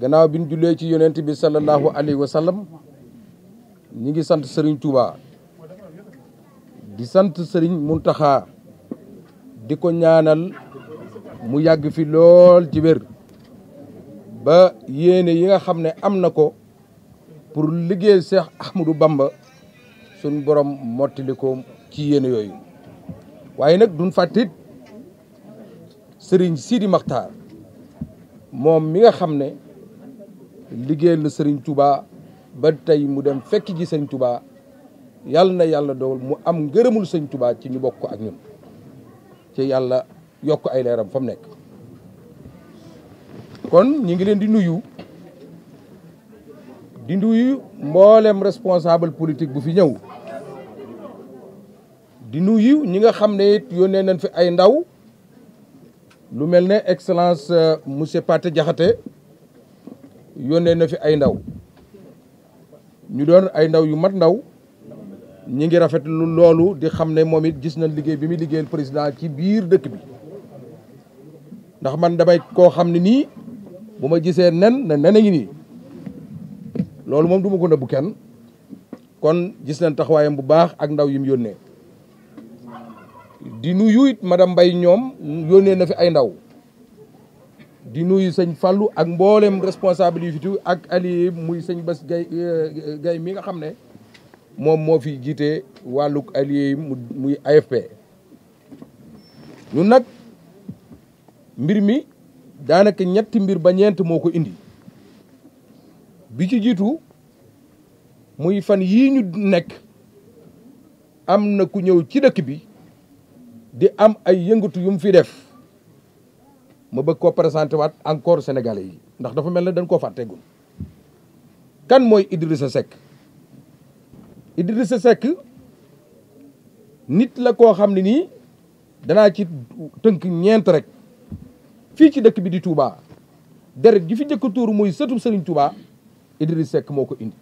gannaaw bi ñu jullee ci yonent bi sallallahu alayhi wa sallam ñi ngi sant sëriñ Touba di sant Serigne Mountakha di ko ñaanal mu yàgg fi lool ci ba yéene yi nga xam ne am na ko pour liggéey Seex Ahmadou Bamba suñ borom mottali ko ci yéene yooyu waaye nag duñ fàttit Serigne Sidi Makhtar moom mi nga xam ne liggéeyal la Serigne ba tey mu dem fekk ji Serigne Touba yàlla na yàlla dogal mu am ngërëmul Serigne Touba ci ñu bokk ak ñun ci yàlla yokk ay leeram fa mu nekk. kon ñi ngi leen di nuyu di nuyu mboolem responsable politique bu fi ñëw di nuyu ñi nga xam ne it yónnee nañ fi ay ndaw lu mel ne excellence euh, monsieur Pathé Diakhaté yónnee na fi ay ndaw ñu doon ay ndaw yu mat ndaw ñi ngi rafet lu loolu di xam ne moom it gis nañ liggéey bi muy liggéeyal président ci biir dëkk bi ndax man damay koo xam ne nii bu ma gisee nen ne nen a nii loolu moom du ma ko nëbbu kenn kon gis nañ taxawaayam bu baax ak ndaw yi yónnee di nuyu it madame mbay ñoom yónnee na fi ay ndaw di nuyu sëñ fallu ak mboolem responsable yi fi ak allié muy sëñ Bass Gay euh, Gay mi nga xam ne moom moo fi jiite wàlluk allié yi muy AFP ñun nag mbir mi daanaka ñetti mbir ba ñeent moo ko indi bi ci jiitu muy fan yii ñu nekk am na ku ñëw ci dëkk bi di am ay yëngatu yu mu fi def ma bëgg koo présenté waat encore sénégalais yi ndax dafa mel ne dañ koo fàtteegul kan mooy Idrissa Seck Idrissa Seck nit la koo xam ne nii danaa ci tënk ñeent rek fii ci dëkk bi di Touba deret ji fi njëkk tuur mooy sëtu Serigne Touba Idrissa Seck moo ko indi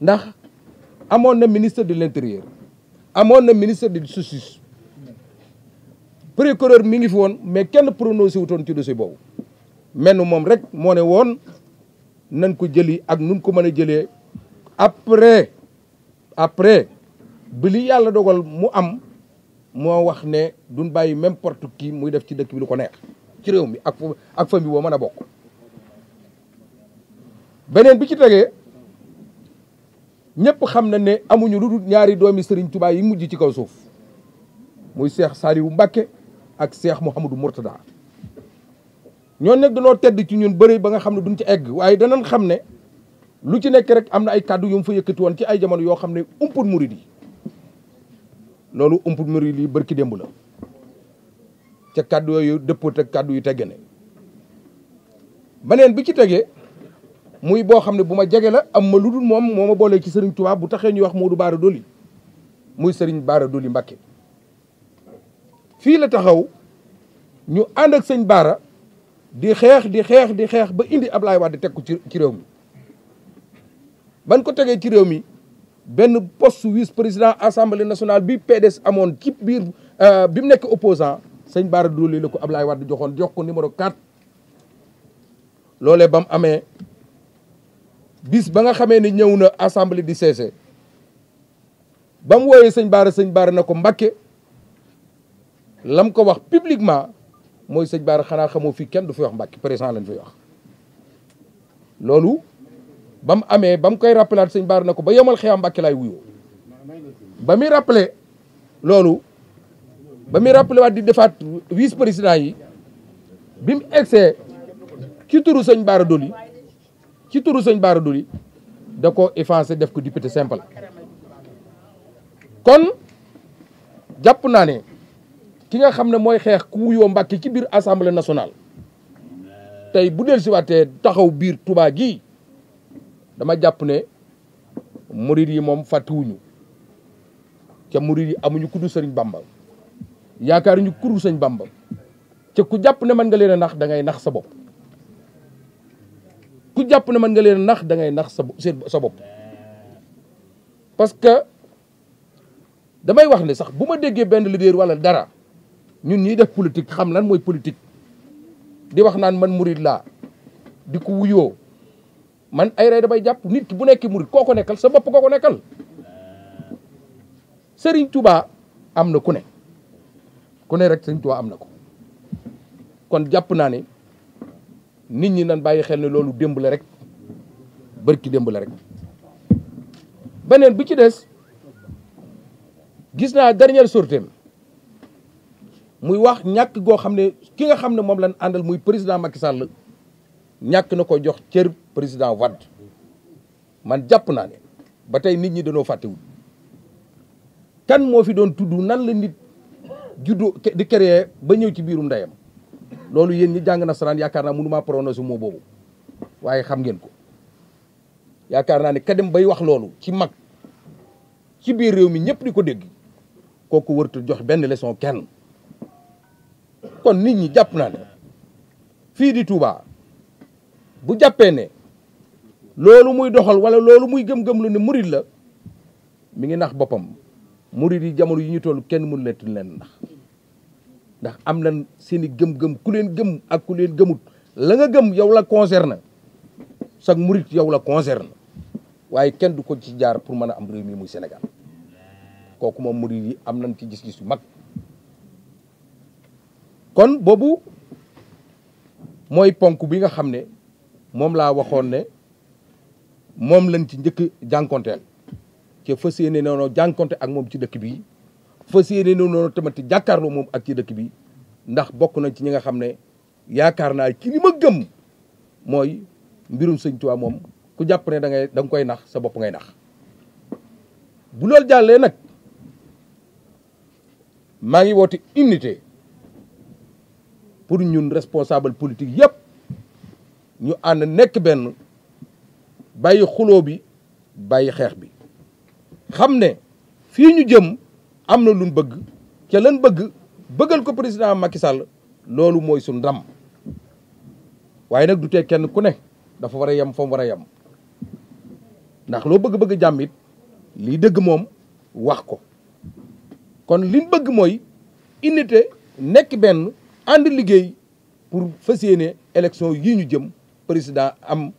ndax amoon na ministre de l'intérieur amoon na ministre de justice procureur mi ngi fi woon mais kenn prononcé wutoon ci dossier boobu me ni moom rek moo ne woon nañ ko jëli ak nun ko mën a jëlee après après bi li yàlla dogal mu am moo wax ne duñ bàyyi même porte kii muy def ci dëkk bi lu ko neex ci réew mi ak ak famille boo mën a bokk beneen bi ci tegee ñëpp xam na ne amuñu lu ñaari doomi Serigne tubaay yi mujj ci kaw suuf muy Cheikh Saliou Mbacké ak Cheikh Mouhamadou Mourtada ñoo nekk dañoo tedd ci ñun bëri ba nga xam ne duñ ci egg waaye danañ xam ne lu ci nekk rek am na ay kàddu yu mu fa yëkkati woon ci ay jamono yoo xam ne umpul murid yi loolu umpul murid yi bërki démb la ca kàddu yooyu dëppoot ak kàddu yu tegge ne beneen bi ci tegee muy boo xam ne bu ma jege la am ma lu dul moom moo ma boolee ci sëriñ Tuubaa bu taxee ñuy wax du baara Dolly muy sëriñ Bara Dolly Mbacké fii la taxaw ñu ànd sëñ Baara di xeex di xeex di xeex ba indi Ablaye Wade teg ko ci ci réew mi ban ko tegee ci réew mi benn post vice président assemblée nationale bi PDS amoon ci biir euh, bi mu nekk opposant sëñ Baara Doole la ko Ablaye Wade joxoon jox ko numéro 4 loole ba mu amee bis ba nga xamee ne ñëw na assemblée di cessé ba mu wooyee sëñ Baara sëñ Baara na ko Mbàkke la mu ko wax publiquement mooy sëñ Bara xanaa xamoo fii kenn du fi wax Mbàkke président lañ fi wax loolu ba mu amee ba mu koy rappelaat sëñ Bara na ko ba yomal xeexam Mbàkke laay wuyoo ba muy rappelé loolu ba muy rappelé waat di defaat vice président yi bi mu egsee ki turu sëñ Bara Dolly ci turu sëñ Bara Dolly da ko effacé def ko député simple kon jàpp naa ne ki nga xamne moy xex ku wuyo Mbàkke ci bir assemblée nationale tay bu del waté taxaw bir Touba gi dama japp ne mouride yi mom fàttiwuñu ca murid yi amuñu kuddu serigne Bamba yaakaar ñu ku Bamba ca ku japp ne man nga leena a nax da ngay nax sa bop ku japp ne man nga leena nax da ngay nax sa bop parce que damay wax ne sax buma déggé déggee leader wala dara ñun ñii def politique xam lan mooy politique di wax naan man murid laa di ko wuyoo man ay rey damay jàpp nit ki bu nekkee murid koo ko nekkal sa bopp koo ko nekkal Serigne Touba am na ku ne ku ne rek Serigne Touba am na ko kon jàpp naa ne nit ñi nan bàyyi xel ne loolu démb la rek bërki démb la rek beneen bi ci des gis naa dernière sortie muy wax ñak go xamne ki nga xamne mom lañ andal muy président Macky Sall ñak nako ko jox cër président Wad man japp na ne ba nit ñi faté wul kan mo fi doon tuddu nan la nit juddu di créer ba ñew ci biirum ndayam lolu yeen ñi jàng nasaraan yaakaar naa mënumaa prononcer mo bobu waye xam ngeen ko yaakar na ne kadem bay wax lolu ci mag ci biir rew mi ñepp diko deg koku wërtu jox ben leçon kenn kon nit ñi jàpp naa ne fii di Touba bu jàppee ne loolu muy doxal wala loolu muy gëm-gëm lu ne murid la mi ngi nax boppam murid yi jamono yi ñu toll kenn mënu leen leen ndax ndax am na seen i gëm-gëm ku leen gëm ak ku leen gëmut la nga gëm yow la concerne sax murit yow la concerne waaye kenn du ko ci jaar pour mën a am réew mi muy senegal kooku moom murid yi am nañ ci gis-gis yu mag kon boobu mooy ponk bi nga xam ne moom laa waxoon ne moom lañ ci njëkk jànkonteel ci fas yéene noonu jànkonte ak moom ci dëkk bi fas yéene noonu tamit jàkkaarloo moom ak ci dëkk bi ndax bokk nañ ci ñi nga xam ne yaakaar naa ci li ma gëm mooy mbirum sëñ Tuubaa moom ku jàpp ne da ngay da koy nax sa bopp ngay nax bulool loolu jàllee nag maa ngi woote unité pour ñun responsable politique yëpp ñu ànd nekk benn bàyyi xuloo bi bàyyi xeex bi xam ne fii ñu jëm am na luñ bëgg ca lan bëgg bëggal ko président Macky Sall loolu mooy suñ ndam waaye nag du te kenn ku ne dafa war a yem fa war a yem ndax loo bëgg-bëgg jàmm it lii dëgg moom wax ko kon liñ bëgg mooy unité nekk benn ànd liggéey pour fas yéene élection yii ñu jëm président am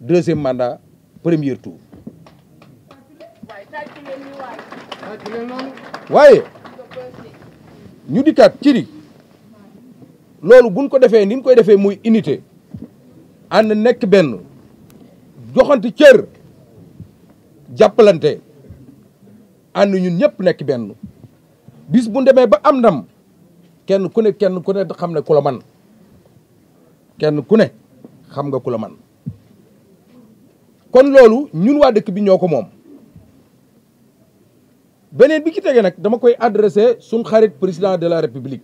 deuxième mandat premier tour waaye ñu dikkaat ci di loolu buñ ko defee ni koy defee muy unité ànd nekk benn joxante cër jàppalante ànd ñu ñëpp nekk benn bis bu demee ba am ndam kenn ku ne kenn ku ne xam ne ku man kenn ku ne xam nga ku man kon loolu ñun waa dëkk bi ñoo ko moom beneen bi ki tegee nag dama koy adressé suñ xarit président de la république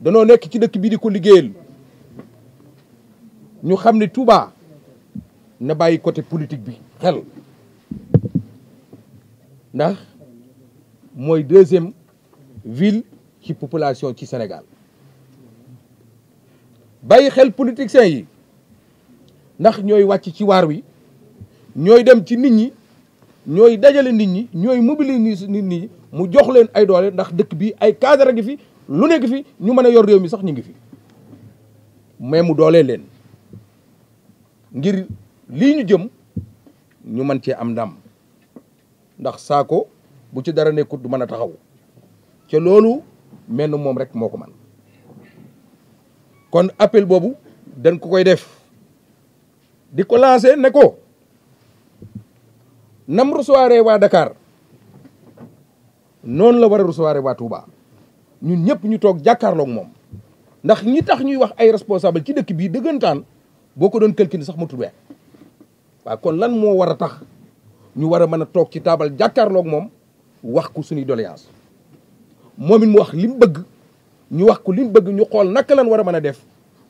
danoo nekk ci dëkk bi di ko liggéeyal ñu xam ne Touba na bàyyi côté politique bi xel ndax mooy deuxième ville ci population ci Sénégal bàyyi xel politiciens yi ndax ñooy wàcc ci waar wi ñooy dem ci nit ñi ñooy dajale nit ñi ñooy mobiliser nit ñi mu jox leen ay doole ndax dëkk bi ay cadre gi fi lu nekk fi ñu mën a yor réew mi sax ñu ngi fi mais mu dooleel leen ngir lii ñu jëm ñu mën cee am ndam ndax saako bu ci dara nekkut du mën a taxaw ca loolu menn moom rek moo man kon appel boobu dan ko koy def di ko lancé ne ko nam recevoir wa Dakar non la war a wa Touba ñun ñëpp ñu toog jàkkaarloog moom ndax ñi tax ñuy wax ay responsable ci dëkk bii dëggantaan boo ko doon calculer sax matul kon lan moo war tax ñu war a mën a toog ci taabal jàkkaarloog wax ko doléance moom mu wax lim bëgg ñu wax ko lim bëgg ñu xol naka lañ wara mëna def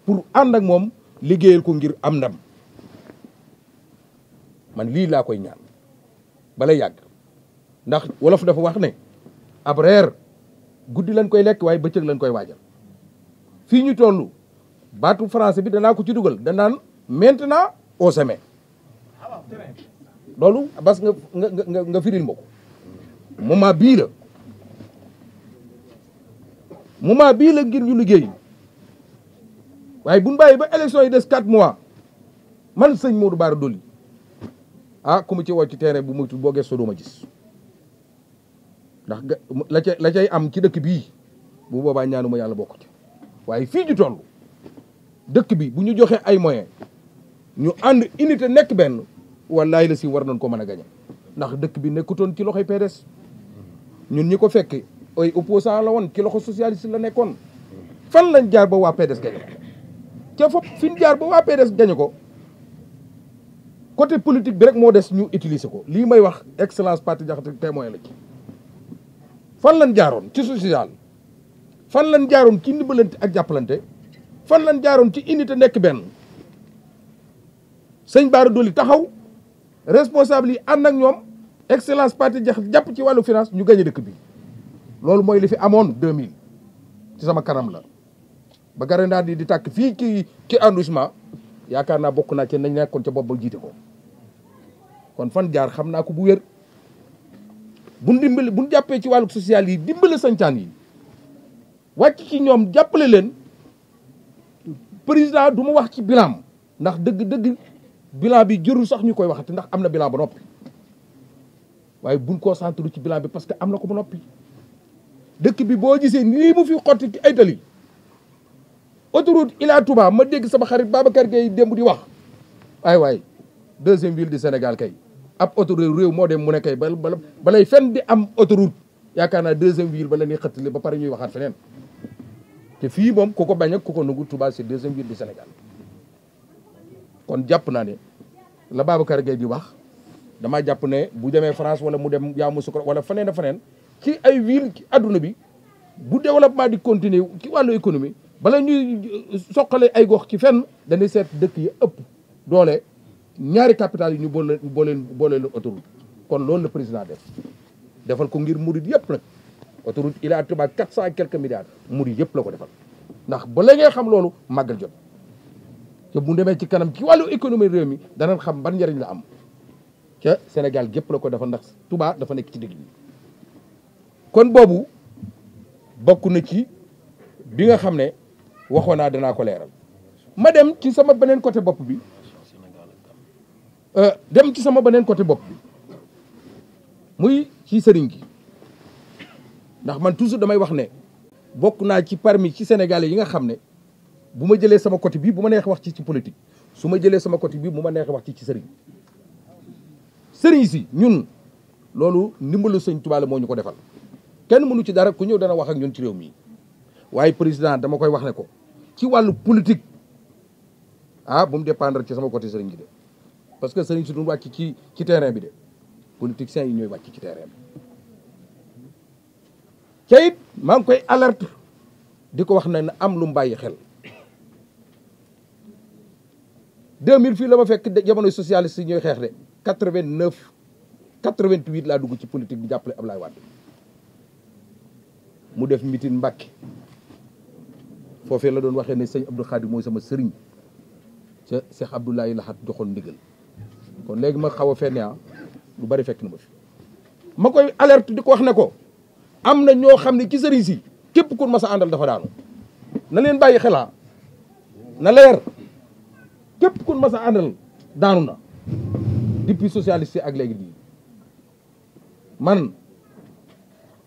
pour and ak mom liggéeyal ko ngir am ndam man li la koy ñaan bala yag ndax wolof dafa wax ne ab reer guddi lañ koy lek waye beccëk lañ koy waajal fi ñu tollu batu français bi dana ko ci duggal dana maintenant au sommet lolu bas nga nga nga firil moko moma bi la moment bii la ngir ñu liggéey waaye bu ñu ba élection yi des quatre mois man sëñ Modou Bara Dolly ah ku mu ci woo ci terrain bu moytu boo gëstoo doo ma gis ndax la ca la cay am ci dëkk bii bu boobaa ñaanu ma yàlla bokk ci waaye fii ñu toll dëkk bi bu ñu joxee ay moyens ñu ànd unité nekk benn wallaay la si war nañ ko mën a gañe ndax dëkk bi nekkutoon ci loxoy PDS ñun ñi ko fekk ay opposant la woon ci loxo socialiste la nekkoon fan lañ jaar ba waa PDS gañe ko ca fop fi ñu jaar ba waa PDS gañe ko côté politique bi rek moo des ñu utiliser ko lii may wax excellence parti jaxate témoin la ci fan lañ jaaroon ci social fan lañ jaaroon ci ndimbalante ak jàppalante fan lañ jaaroon ci unité nekk benn sëñ Bara Dolly taxaw responsable yi ànd ak ñoom excellence parti jax jàpp ci wàllu finance ñu gañe dëkk bi loolu mooy li fi amoon 2000 ci sama kanam la ba garendaa di di takk fii ci ci arrondissement yaakaar naa bokk naa ci nañ nekkoon ca bopp ko kon fan jaar xam naa ko bu wér buñ dimbali buñ jàppee ci wàllu social yi dimbale sancaan yi wàcc ci ñoom jàppale leen président du ma wax ci bilan ndax dëgg dëgg bilan bi jërul sax ñu koy waxati ndax am na bilan ba noppi waaye buñ concentré ci bilan bi parce que am na ko ba noppi dëkk bi boo gisee lii mu fi xotti ci ay tali autoroute Ila Touba ma dégg sama xarit Babacar Gueye démb di wax ay waay deuxième ville du Sénégal kay ab autoroute réew moo dem mu ne kay bal balay fen di am autoroute yaakaar naa deuxième ville bala la ñuy xëttali ba pare ñuy waxaat feneen te fii moom ku ko bañ ak ku ko nangu Touba c'est deuxième ville du Sénégal kon jàpp naa ne la Babacar Gueye di wax damaa jàpp ne bu demee France wala mu dem Yamoussoukro wala feneen feneen ci ay ville ci aduna bi bu développement di continuer ci walu économie bala ñuy euh, sokalé ay gox ci fenn dañuy seet dëkk yi ëpp doolé ñaari capital yi ñu boole booleen booleen la autoroute kon loolu le président def defal ko ngir murid yépp nak autoroute il a tuba 400 quelques milliards murid yépp la ko defal ndax ba la ngay xam loolu magal jot ci bu demee ci kanam ci walu économie réew mi na xam ban njëriñ la am ci Sénégal gépp la ko defal ndax Touba dafa nek ci digg bi kon boobu bokk na ci bi nga xam ne waxoon naa danaa ko leeral ma dem ci sama beneen côté bopp bi euh, dem ci sama beneen côté bopp muy ci sëriñ gi ndax man toujours damay wax ne bokk naa ci parmi ci sénégalais yi nga xam ne bu ma jëlee sama côté bii bu ma neex wax ci ci politique su ma jëlee sama côté bii bu ma neex wax ci ci sëriñ sëriñ si ñun loolu ndimbalu sëñ Tuubaa moo ñu ko defal kenn mënu ci dara ku ñëw dana wax ak ñun ci réew mi waaye président dama koy wax ne ko ci wàllu politique ah bum mu dépendre ci sama côté sëriñ bi de parce que sëriñ si duñ wàcc ci ci terrain bi de politiciens yi ñooy wàcc ci terrain bi ca it maa ngi koy alert di ko wax na ne am lu mu xel xel 2000 fii la ma fekk jamono socialiste yi ñooy xeex de 89 laa dugg ci politique bi jàppale Ablaye Wade mu def mitin Mbàkke foofee la doon waxee ne sëñ Abdou Khadim mooy sama sëriñ ca Cheikh Abdoulaye Lahat joxoon ndigal kon léegi ma xaw a fenn ah lu bari fekk na ma fi ma koy alerte di ko wax ne ko am na ñoo xam ne ci sëriñ si képp ku mas a àndal dafa daanu na leen bàyyi xelaa ah. na leer képp ku mas a àndal daanu na depuis socialiste ak léegi di man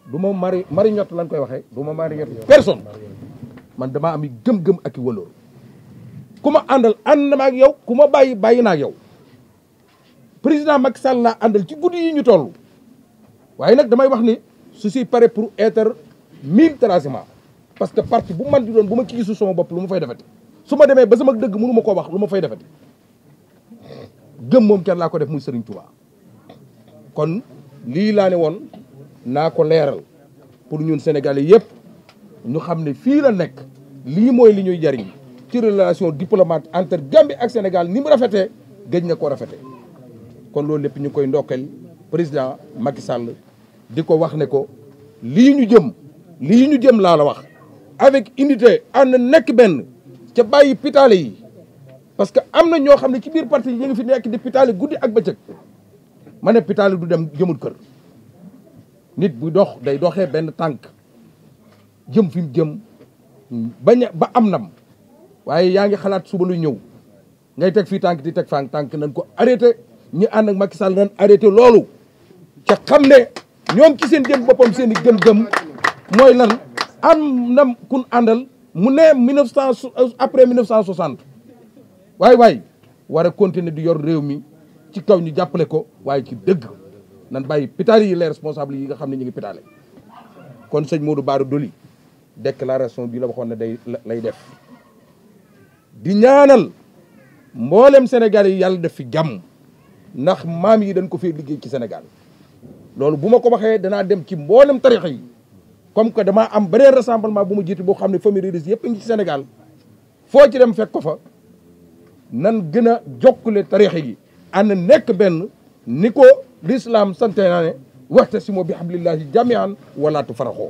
duma mari mari marioñott lan koy waxe duma mari marioñott personne man dama am gëm-gëm ak i kuma andal and ma ak yow kuma bayyi bayyi na ak yow président Macky Sall la andal ci guddi yi ñu toll waye nak damay wax ni ceci paré pour être mille tracement parce que parti bu man di doon buma ma ci gisu sama bop lu ma fay defati suma ma ba sama dëgg mënu ma wax lu ma fay defati gëm mom kenn la ko def muy Serigne Touba kon li la ne won naa ko leeral pour ñun Sénégalais yëpp ñu xam ne fii la nekk lii mooy li ñuy jariñ ci relation diplomate entre Gambie ak Sénégal ni mu rafetee gëj na ko rafete kon loolu lépp ñu koy ndokkeel président Macky Sall di ko wax ne ko lii ñu jëm lii ñu jëm laa la wax avec unité ànd nekk benn ca bàyyi pitaale yi parce que am na ñoo xam ne ci biir parti ñu ngi fi nekk di pitaale guddi ak bëccëg ma ne pitaale du dem jëmul kër nit bu dox day doxé ben tank, jëm fim jëm bañ ba amnam waye waaye yaa ngi suba lu ñew ngay tek fi tank di tek fang tank nañ ko arrêté ñi and ak Macky Sall nañ arrêté lolu ca xamné ñom ci seen dem bopam seen gëm-gëm lan amnam kun àndal mu né 1900 après 1960 neuf cent wara continuer di yor réew mi ci kaw ñu jappalé ko waaye ci dëgg nan bàyyi pitaal yi les responsables yi nga xam ne ñu ngi pitaale kon sëñ Modou Bara Dolly déclaration bi la waxoon ne day lay def di ñaanal mboolem Sénégal yi yàlla def fi jàmm ndax maam yi dañ ko fee liggéey ci Sénégal loolu bu ma ko waxee danaa dem ci mboolem tarixa yi comme que damaa am beneen rassemblement bu ma jiitu boo xam ne famille religieuse yëpp ngi ci Sénégal foo ci dem fekk ko fa nan gën a jokkule tarixa yi ànd nekk benn ni ko l'islam sante naa ne waxta si bi hamdillah jamian wala tafarqo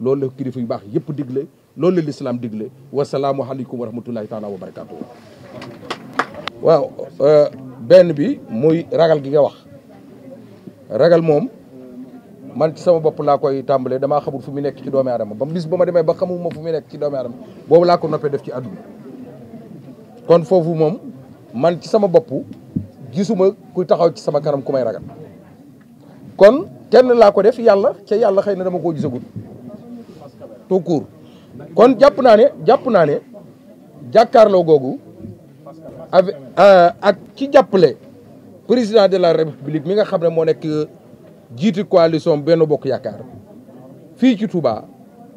loolu la kilifa yu bax yëpp digle loolu l'islam digle wa wasalaamu alaykum wa rahmatullahi taala wa barakatuh waaw ben bi muy ragal gi nga wax ragal mom man ci sama bop la koy tambalé dama xamul fumi nek ci doomi adam bam bis ba démé ba xamuma fu mu nekk ci doomi adam bobu la ko noppé def ci àdduna kon fofu mom man ci sama bop jisuma ku taxaw ci sama kanam ku may ragal kon kenn laa ko def yàlla ca yàlla xëy na dama koo gisagul tout court kon jàpp naa ne jàpp naa ne jàkkaarloo googu avec euh, ak ci jàppale président de la république mi nga xam ne moo nekk jiitu coalition benn bokk yaakaar fii ci Touba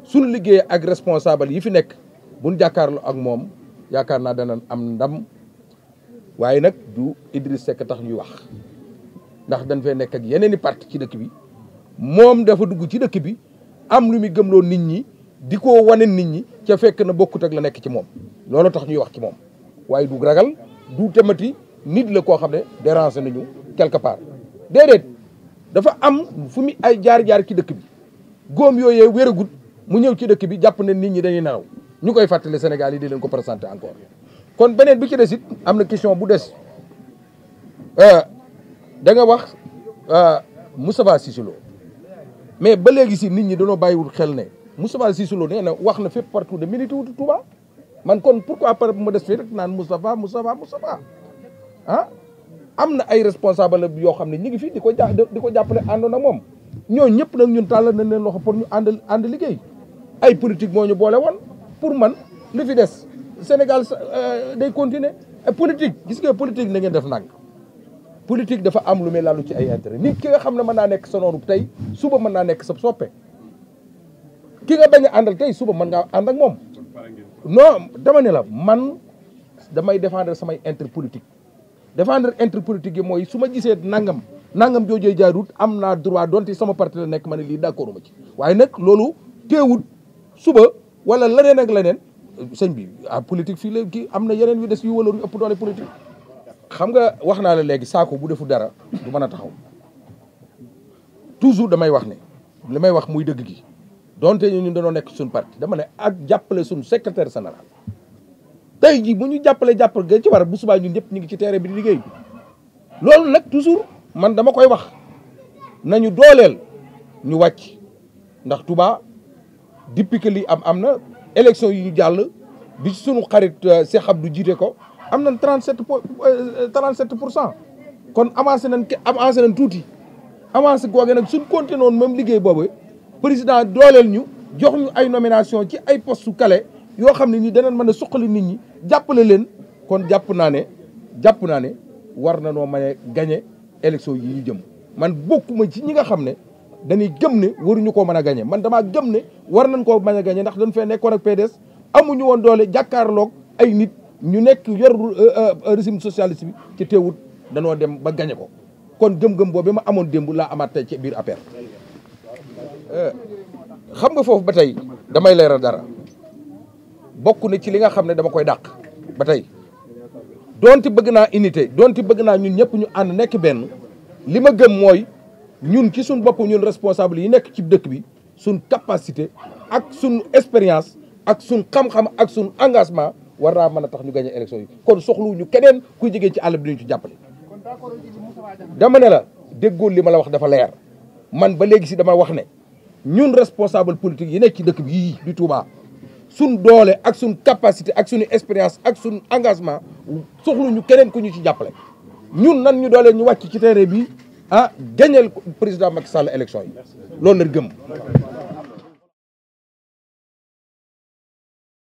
suñu liggéey ak responsable yi fi nekk buñ jàkkaarloo ak moom yaakaar naa dana am ndam waaye nag du Idriss sekk tax ñuy wax ndax dañ fay nekk ak yeneen i parti ci dëkk bi moom dafa dugg ci dëkk bi am lu muy gëm gëmloo nit ñi di ko wane nit ñi ca fekk na bokkut ak la nekk ci moom loolu tax ñuy wax ci moom waaye du ragal du tamati nit la koo xam ne déranger nañu quelque part déedéet dafa am fu muy ay jaar-jaar ci dëkk bi góom yooyu wéragut mu ñëw ci dëkk bi jàpp ne nit ñi dañuy naaw ñu koy fàttali senegal yi di leen ko présenté encore kon benen bi ci dess it am question bu dess euh da nga wax euh, Moustapha Cissé Lo mais ba legui ci nit ñi dañu bayiwul xel ne Moustapha Cissé Lo na wax na fépp partout de minute wu Touba man kon pourquoi par mo dess fi rek nan Moustapha Moustapha Moustapha ah amna ay responsable yo xam ñi ngi fi diko ko ja di ko jàppale àndoon ñoo ñep nak ñun tàllal na leen loxo pour ñu ànd and liggey ay politique moo ñu boole woon pour man li fi dess Sénégal euh, day continuer politique gis nga politique na ngeen def nang politique dafa am lu muy lalu ci ay intérêt nii ki nga xam ne mën naa nekk sa noonu tey suba mën naa nekk sa soppe ki nga bañ a àndal suba mën ngaa ànd ak moom noo dama ne la man damay défendre samay intérêt politique défendre intérêt politique yi mooy su ma gisee nangam nangam joojee jaarut am naa droit donte sama parti la nekk ma ne lii d'accord ma ci waaye nag loolu teewut suba wala leneen ak leneen sëñ bi a politique fii la kii am na yeneen yu des yu waloon yu ëpp doole politique xam nga wax naa la léegi saako bu defu dara du mën a taxaw toujours damay wax ne li may wax muy dëgg gi donte ñu dañoo nekk suñu parti dama ne ak jàppale suñu secrétaire général tey jii bu ñu jàppale jàppale ga ci war bu subaa ñun ñëpp ñu ngi ci terrain bi di liggéey loolu nag toujours man dama koy wax nañu dooleel ñu wàcc ndax Touba depuis lii am am na élection yu ñu jàll bi ci sunu xarit euh, Cheikh du jiite ko am nañ 37 po 37 pour cent kon avancé nañ avancé nañ tuuti avancé googe nag suñ continué woon même liggéey boobu président dooleel ñu jox ñu ay nomination ci ay post su kale yoo xam ne nii danañ mën a suqali nit ñi jàppale leen kon jàpp naa ne jàpp naa ne war na noo mën a gagné élection yi ñu jëm man bokkuma ci ñi nga xam ne dañuy gëm ne waruñu koo mën a gagné man damaa gëm ne war nañ koo mën a gagné ndax dañ fee nekkoon ak PDS amuñu woon doole jàkkaarloog ay nit ñu nekk yor euh, euh, régime socialiste bi ci teewut danoo dem ba gagné ko kon gëm-gëm boobu ma amoon démb laa amaat tey ci biir APR euh, xam nga foofu ba tey damay leeral dara bokk na ci li nga xam ne dama koy dàq ba tey donte bëgg naa unité donte bëgg naa ñun ñëpp ñu ànd nekk benn li ma gëm mooy ñun ci suñ bop ñun responsable yi nek ci dëkk bi suñ capacité ak suñ expérience ak suñ xam-xam ak suñ engagement war naa mën tax ñu gagné élection yi kon soxlu ñu keneen ku jigeen ci àll bi ñu ci jappalé dama ne la déggol li ma la wax dafa leer man ba léegi si dama wax ne ñun responsable politique yi nek ci dëkk bi yii di Touba suñ doole ak suñ capacité ak suñu expérience ak suñ engagement soxlu ñu keneen ku ñu ci jappalé ñun nan ñu doole ñu wàcc ci terrain bi ah gañeel président Macky Sall élection yi loolu la gëm